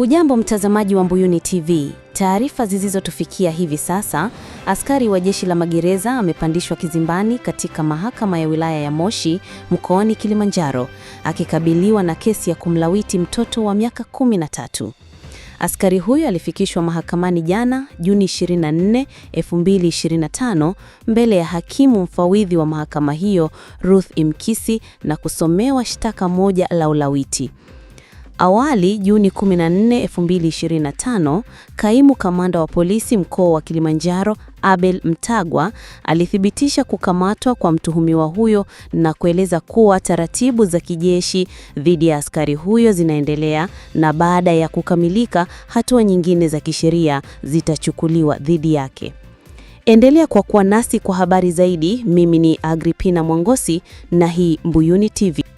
Hujambo mtazamaji wa Mbuyuni TV. Taarifa zilizotufikia hivi sasa, askari wa jeshi la magereza amepandishwa kizimbani katika mahakama ya wilaya ya Moshi mkoani Kilimanjaro akikabiliwa na kesi ya kumlawiti mtoto wa miaka 13. Askari huyo alifikishwa mahakamani jana Juni 24, 2025 mbele ya hakimu mfawidhi wa mahakama hiyo Ruth Imkisi na kusomewa shtaka moja la ulawiti. Awali, Juni 14, 2025, kaimu kamanda wa polisi mkoa wa Kilimanjaro, Abel Mtagwa, alithibitisha kukamatwa kwa mtuhumiwa huyo na kueleza kuwa taratibu za kijeshi dhidi ya askari huyo zinaendelea na baada ya kukamilika, hatua nyingine za kisheria zitachukuliwa dhidi yake. Endelea kwa kuwa nasi kwa habari zaidi. Mimi ni Agripina Mwangosi na hii Mbuyuni TV.